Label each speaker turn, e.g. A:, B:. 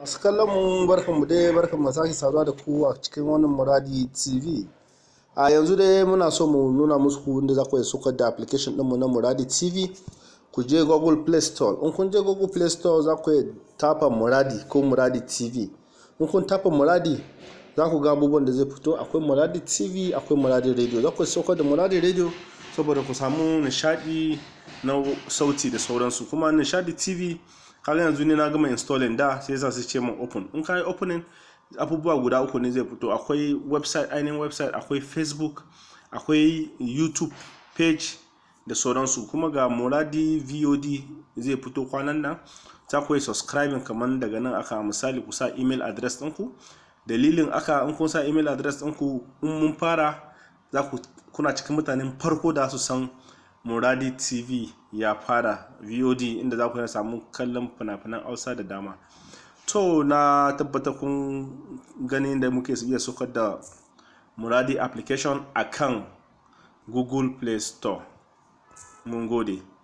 A: masu kallon mu barkan mu dai barkan mu sake saduwa da ku a cikin wannan muradi tv a yanzu dai muna so mu nuna musu inda za ku yi sukar da application mu na muradi tv ku je google play store in kun je google play store za ku yi tafa muradi ko muradi tv in kun tafa muradi za ku ga abubuwan da zai fito akwai muradi tv akwai muradi radio za ku saukar da muradi radio
B: saboda ku samu nishadi na sauti da sauransu kuma nishadi tv kaga yanzu ne na gama installing da sai yasa su ce min open in ka yi opening abubuwa guda uku ne zai fito akwai website ainihin website akwai facebook akwai youtube page da sauransu kuma ga muradi vod zai fito kwanan nan ta koyi subscribing kamar daga nan aka misali ku sa email address ɗinku dalilin aka in kun sa email address ɗinku in mun fara za ku kuna cikin mutanen farko da su san Muradi TV ya fara VOD inda za ku samu kallon fina-finan Hausa da dama. To na tabbata kun ganin da muke iya sokar da Muradi application a kan Google Play Store. Mun gode.